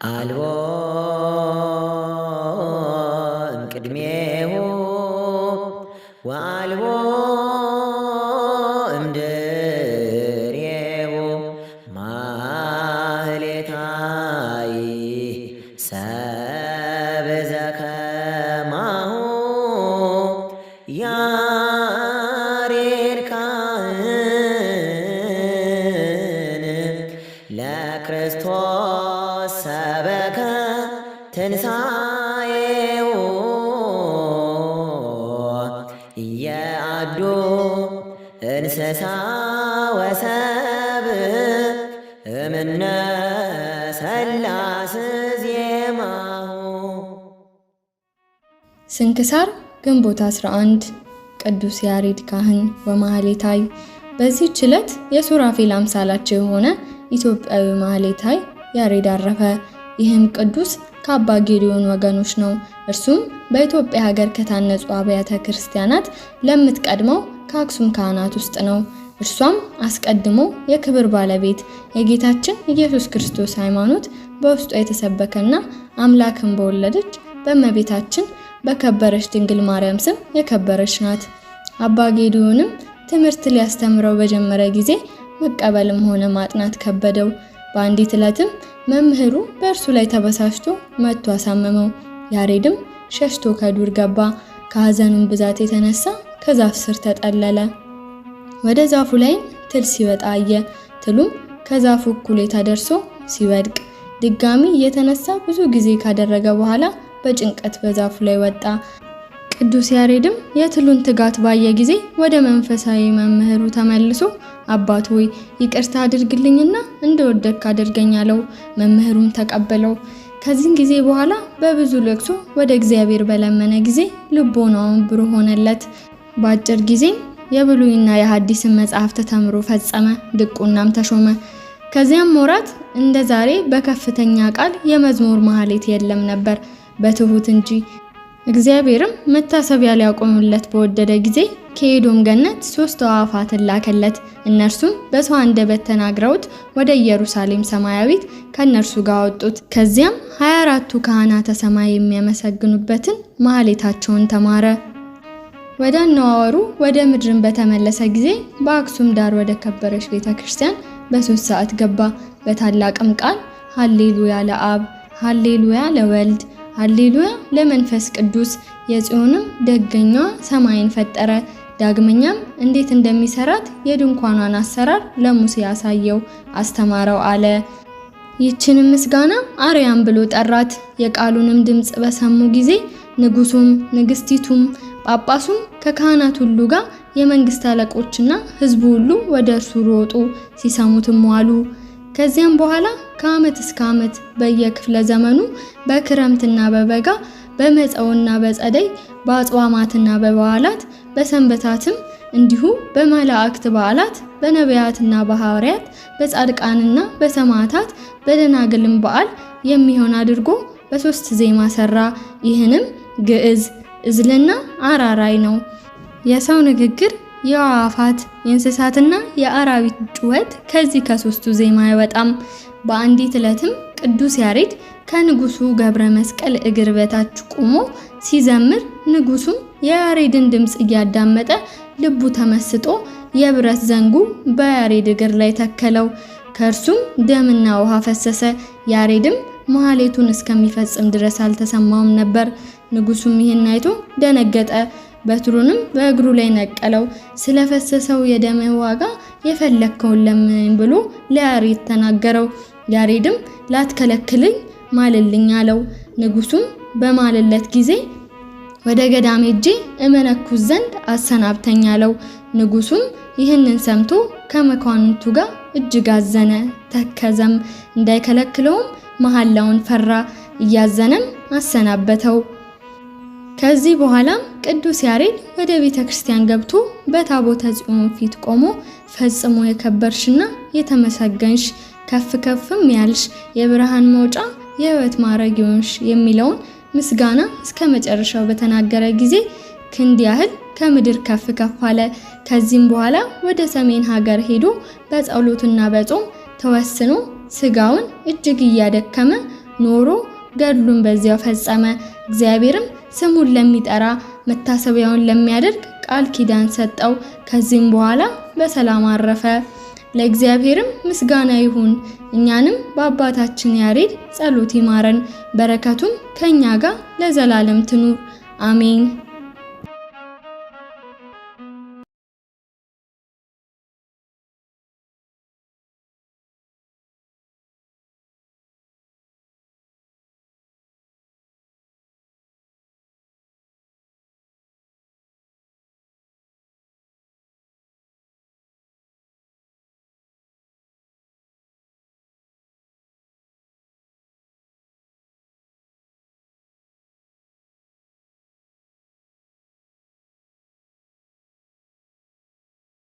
¡Aló! ያሬድ ካህን ለክርስቶስ ሰበከ ትንሣኤው የአዱ እንስሳ ወሰብ እምነ ሰላስ ዜማሁ ስንክሳር ግንቦት 11 ቅዱስ ያሬድ ካህን ወማህሌታይ። በዚህ ችለት የሱራፌል አምሳላቸው የሆነ ኢትዮጵያዊ ማህሌታይ ያሬድ አረፈ። ይህም ቅዱስ ከአባ ጌዲዮን ወገኖች ነው። እርሱም በኢትዮጵያ ሀገር ከታነጹ አብያተ ክርስቲያናት ለምትቀድመው ከአክሱም ካህናት ውስጥ ነው። እርሷም አስቀድሞ የክብር ባለቤት የጌታችን ኢየሱስ ክርስቶስ ሃይማኖት በውስጧ የተሰበከና አምላክን በወለደች በእመቤታችን በከበረች ድንግል ማርያም ስም የከበረች ናት። አባ ጌዲዮንም ትምህርት ሊያስተምረው በጀመረ ጊዜ መቀበልም ሆነ ማጥናት ከበደው። በአንዲት ዕለትም መምህሩ በእርሱ ላይ ተበሳጭቶ መጥቶ አሳመመው። ያሬድም ሸሽቶ ከዱር ገባ። ከሐዘኑም ብዛት የተነሳ ከዛፍ ስር ተጠለለ። ወደ ዛፉ ላይም ትል ሲወጣ አየ። ትሉም ከዛፉ እኩሌታ ደርሶ ሲወድቅ ድጋሚ እየተነሳ ብዙ ጊዜ ካደረገ በኋላ በጭንቀት በዛፉ ላይ ወጣ። ቅዱስ ያሬድም የትሉን ትጋት ባየ ጊዜ ወደ መንፈሳዊ መምህሩ ተመልሶ አባት ሆይ ይቅርታ አድርግልኝና እንደወደድክ አድርገኝ አለው። መምህሩም ተቀበለው። ከዚህ ጊዜ በኋላ በብዙ ለቅሶ ወደ እግዚአብሔር በለመነ ጊዜ ልቦናውን ብሩህ ሆነለት። በአጭር ጊዜም የብሉይና የሐዲስን መጽሐፍት ተምሮ ፈጸመ። ድቁናም ተሾመ። ከዚያም ወራት እንደ ዛሬ በከፍተኛ ቃል የመዝሙር ማህሌት የለም ነበር። በትሁት እንጂ እግዚአብሔርም መታሰቢያ ሊያቆምለት በወደደ ጊዜ ከኤዶም ገነት ሶስት አዕዋፋትን ላከለት። እነርሱም በሰው አንደበት ተናግረውት ወደ ኢየሩሳሌም ሰማያዊት ከእነርሱ ጋር አወጡት። ከዚያም 24ቱ ካህናተ ሰማይ የሚያመሰግኑበትን ማህሌታቸውን ተማረ። ወደ አነዋወሩ ወደ ምድርን በተመለሰ ጊዜ በአክሱም ዳር ወደ ከበረች ቤተ ክርስቲያን በሶስት ሰዓት ገባ። በታላቅም ቃል ሀሌሉያ ለአብ ሀሌሉያ ለወልድ ሃሌሉያ ለመንፈስ ቅዱስ የጽዮንም ደገኛዋ ሰማይን ፈጠረ። ዳግመኛም እንዴት እንደሚሰራት የድንኳኗን አሰራር ለሙሴ ያሳየው አስተማረው አለ። ይህችንም ምስጋና አርያም ብሎ ጠራት። የቃሉንም ድምፅ በሰሙ ጊዜ ንጉሱም ንግስቲቱም ጳጳሱም ከካህናት ሁሉ ጋር የመንግስት አለቆችና ሕዝቡ ሁሉ ወደ እርሱ ሮጡ፣ ሲሰሙትም ዋሉ። ከዚያም በኋላ ከዓመት እስከ ዓመት በየክፍለ ዘመኑ በክረምትና በበጋ በመጸውና በጸደይ በአጽዋማትና በበዓላት በሰንበታትም እንዲሁ በመላእክት በዓላት በነቢያትና በሐዋርያት በጻድቃንና በሰማዕታት በደናግልም በዓል የሚሆን አድርጎ በሶስት ዜማ ሰራ። ይህንም ግዕዝ፣ እዝልና አራራይ ነው። የሰው ንግግር የአዕዋፋት የእንስሳትና የአራዊት ጩኸት ከዚህ ከሶስቱ ዜማ አይወጣም። በአንዲት ዕለትም ቅዱስ ያሬድ ከንጉሱ ገብረ መስቀል እግር በታች ቆሞ ሲዘምር ንጉሱም የያሬድን ድምፅ እያዳመጠ ልቡ ተመስጦ የብረት ዘንጉ በያሬድ እግር ላይ ተከለው። ከእርሱም ደምና ውሃ ፈሰሰ። ያሬድም መሐሌቱን እስከሚፈጽም ድረስ አልተሰማውም ነበር። ንጉሱም ይህን አይቶ ደነገጠ። በትሩንም በእግሩ ላይ ነቀለው። ስለፈሰሰው የደም ዋጋ የፈለግከውን ለምን ብሎ ለያሬድ ተናገረው። ያሬድም ላትከለክልኝ ማልልኝ አለው። ንጉሱም በማልለት ጊዜ ወደ ገዳሜ እመነኩ እመነኩስ ዘንድ አሰናብተኝ አለው። ንጉሱም ይህንን ሰምቶ ከመኳንንቱ ጋር እጅግ አዘነ፣ ተከዘም። እንዳይከለክለውም መሐላውን ፈራ፣ እያዘነም አሰናበተው። ከዚህ በኋላም ቅዱስ ያሬድ ወደ ቤተ ክርስቲያን ገብቶ በታቦተ ጽዮን ፊት ቆሞ ፈጽሞ የከበርሽና የተመሰገንሽ ከፍ ከፍም ያልሽ የብርሃን መውጫ የህይወት ማዕረግ ይሆንሽ የሚለውን ምስጋና እስከ መጨረሻው በተናገረ ጊዜ ክንድ ያህል ከምድር ከፍ ከፍ አለ። ከዚህም በኋላ ወደ ሰሜን ሀገር ሄዶ በጸሎትና በጾም ተወስኖ ስጋውን እጅግ እያደከመ ኖሮ ገድሉን በዚያው ፈጸመ። እግዚአብሔርም ስሙን ለሚጠራ መታሰቢያውን ለሚያደርግ ቃል ኪዳን ሰጠው። ከዚህም በኋላ በሰላም አረፈ። ለእግዚአብሔርም ምስጋና ይሁን። እኛንም በአባታችን ያሬድ ጸሎት ይማረን፣ በረከቱም ከእኛ ጋር ለዘላለም ትኑር አሜን።